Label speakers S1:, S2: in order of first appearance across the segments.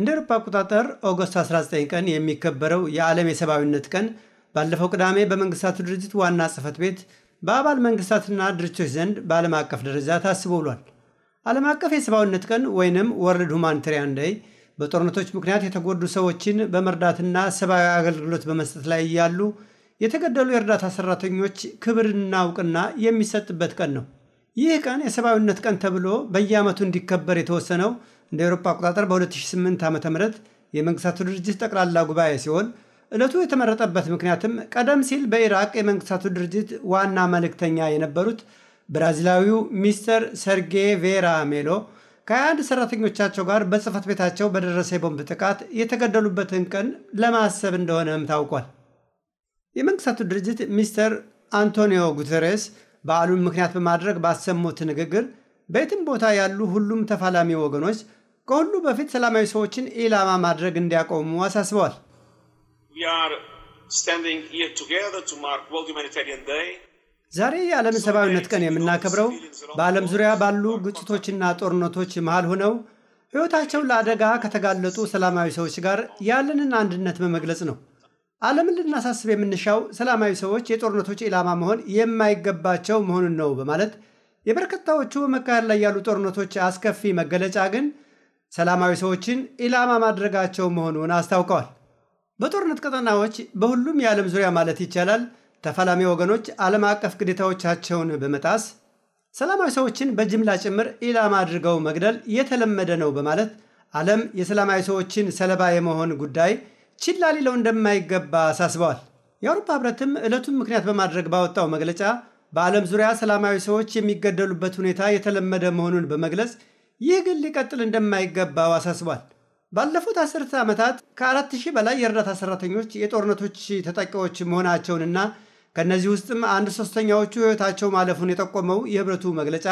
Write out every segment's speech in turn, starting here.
S1: እንደ አውሮፓ አቆጣጠር ኦገስት 19 ቀን የሚከበረው የዓለም የሰብአዊነት ቀን ባለፈው ቅዳሜ በመንግስታቱ ድርጅት ዋና ጽህፈት ቤት በአባል መንግስታትና ድርጅቶች ዘንድ በዓለም አቀፍ ደረጃ ታስቦ ውሏል። ዓለም አቀፍ የሰብአዊነት ቀን ወይንም ወርልድ ሁማኒታሪያን ደይ በጦርነቶች ምክንያት የተጎዱ ሰዎችን በመርዳትና ሰብአዊ አገልግሎት በመስጠት ላይ እያሉ የተገደሉ የእርዳታ ሰራተኞች ክብርና እውቅና የሚሰጥበት ቀን ነው። ይህ ቀን የሰብአዊነት ቀን ተብሎ በየዓመቱ እንዲከበር የተወሰነው እንደ ኤሮፓ አቆጣጠር በ2008 ዓ ም የመንግስታቱ ድርጅት ጠቅላላ ጉባኤ ሲሆን ዕለቱ የተመረጠበት ምክንያትም ቀደም ሲል በኢራቅ የመንግስታቱ ድርጅት ዋና መልእክተኛ የነበሩት ብራዚላዊው ሚስተር ሰርጌ ቬራ ሜሎ ከ21 ሰራተኞቻቸው ጋር በጽህፈት ቤታቸው በደረሰ የቦምብ ጥቃት የተገደሉበትን ቀን ለማሰብ እንደሆነም ታውቋል። የመንግስታቱ ድርጅት ሚስተር አንቶኒዮ ጉተሬስ በዓሉን ምክንያት በማድረግ ባሰሙት ንግግር በየትም ቦታ ያሉ ሁሉም ተፋላሚ ወገኖች ከሁሉ በፊት ሰላማዊ ሰዎችን ኢላማ ማድረግ እንዲያቆሙ አሳስበዋል። ዛሬ የዓለም ሰብአዊነት ቀን የምናከብረው በዓለም ዙሪያ ባሉ ግጭቶችና ጦርነቶች መሃል ሆነው ሕይወታቸው ለአደጋ ከተጋለጡ ሰላማዊ ሰዎች ጋር ያለንን አንድነት በመግለጽ ነው። ዓለምን ልናሳስብ የምንሻው ሰላማዊ ሰዎች የጦርነቶች ኢላማ መሆን የማይገባቸው መሆኑን ነው በማለት የበርካታዎቹ በመካሄድ ላይ ያሉ ጦርነቶች አስከፊ መገለጫ ግን ሰላማዊ ሰዎችን ኢላማ ማድረጋቸው መሆኑን አስታውቀዋል። በጦርነት ቀጠናዎች በሁሉም የዓለም ዙሪያ ማለት ይቻላል ተፋላሚ ወገኖች ዓለም አቀፍ ግዴታዎቻቸውን በመጣስ ሰላማዊ ሰዎችን በጅምላ ጭምር ኢላማ አድርገው መግደል የተለመደ ነው በማለት ዓለም የሰላማዊ ሰዎችን ሰለባ የመሆን ጉዳይ ችላ ሊለው እንደማይገባ አሳስበዋል። የአውሮፓ ሕብረትም ዕለቱን ምክንያት በማድረግ ባወጣው መግለጫ በዓለም ዙሪያ ሰላማዊ ሰዎች የሚገደሉበት ሁኔታ የተለመደ መሆኑን በመግለጽ ይህ ግን ሊቀጥል እንደማይገባው አሳስቧል። ባለፉት አስርተ ዓመታት ከአራት ሺህ በላይ የእርዳታ ሰራተኞች የጦርነቶች ተጠቂዎች መሆናቸውንና ከእነዚህ ውስጥም አንድ ሶስተኛዎቹ ሕይወታቸው ማለፉን የጠቆመው የህብረቱ መግለጫ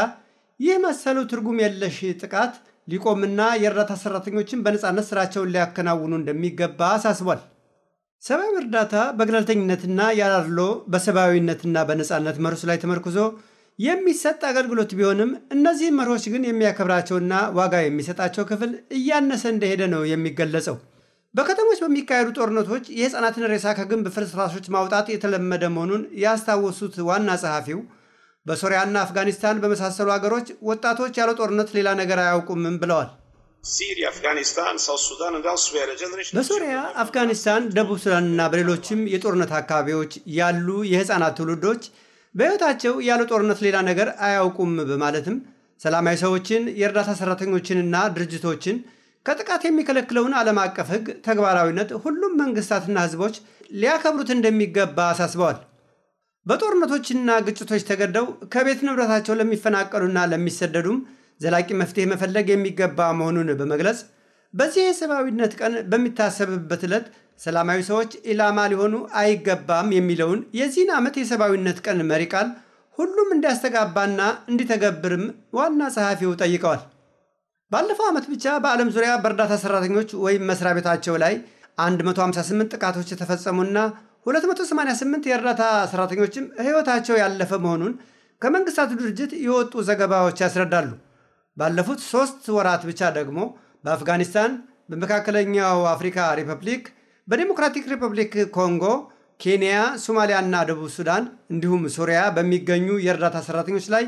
S1: ይህ መሰሉ ትርጉም የለሽ ጥቃት ሊቆምና የእርዳታ ሠራተኞችን በነፃነት ስራቸውን ሊያከናውኑ እንደሚገባ አሳስቧል። ሰብአዊ እርዳታ በገለልተኝነትና ያላድሎ በሰብአዊነትና በነፃነት መርሆች ላይ ተመርኩዞ የሚሰጥ አገልግሎት ቢሆንም እነዚህ መርሆች ግን የሚያከብራቸውና ዋጋ የሚሰጣቸው ክፍል እያነሰ እንደሄደ ነው የሚገለጸው። በከተሞች በሚካሄዱ ጦርነቶች የህፃናትን ሬሳ ከግንብ ፍርስራሾች ማውጣት የተለመደ መሆኑን ያስታወሱት ዋና ጸሐፊው በሶሪያና አፍጋኒስታን በመሳሰሉ አገሮች ወጣቶች ያለ ጦርነት ሌላ ነገር አያውቁምም ብለዋል። በሶሪያ፣ አፍጋኒስታን፣ ደቡብ ሱዳንና በሌሎችም የጦርነት አካባቢዎች ያሉ የህፃናት ትውልዶች በሕይወታቸው ያለ ጦርነት ሌላ ነገር አያውቁም በማለትም ሰላማዊ ሰዎችን የእርዳታ ሰራተኞችንና ድርጅቶችን ከጥቃት የሚከለክለውን ዓለም አቀፍ ሕግ ተግባራዊነት ሁሉም መንግስታትና ህዝቦች ሊያከብሩት እንደሚገባ አሳስበዋል። በጦርነቶችና ግጭቶች ተገደው ከቤት ንብረታቸው ለሚፈናቀሉና ለሚሰደዱም ዘላቂ መፍትሄ መፈለግ የሚገባ መሆኑን በመግለጽ በዚህ የሰብአዊነት ቀን በሚታሰብበት ዕለት ሰላማዊ ሰዎች ኢላማ ሊሆኑ አይገባም የሚለውን የዚህን ዓመት የሰብአዊነት ቀን መሪ ቃል ሁሉም እንዲያስተጋባና እንዲተገብርም ዋና ጸሐፊው ጠይቀዋል። ባለፈው ዓመት ብቻ በዓለም ዙሪያ በእርዳታ ሠራተኞች ወይም መሥሪያ ቤታቸው ላይ 158 ጥቃቶች የተፈጸሙና 288 የእርዳታ ሠራተኞችም ሕይወታቸው ያለፈ መሆኑን ከመንግሥታቱ ድርጅት የወጡ ዘገባዎች ያስረዳሉ። ባለፉት ሶስት ወራት ብቻ ደግሞ በአፍጋኒስታን፣ በመካከለኛው አፍሪካ ሪፐብሊክ፣ በዲሞክራቲክ ሪፐብሊክ ኮንጎ፣ ኬንያ፣ ሶማሊያና ደቡብ ሱዳን እንዲሁም ሱሪያ በሚገኙ የእርዳታ ሰራተኞች ላይ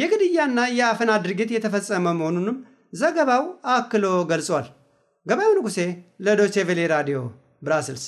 S1: የግድያና የአፈና ድርጊት የተፈጸመ መሆኑንም ዘገባው አክሎ ገልጿል። ገበያው ንጉሴ ለዶቼቬሌ ራዲዮ ብራስልስ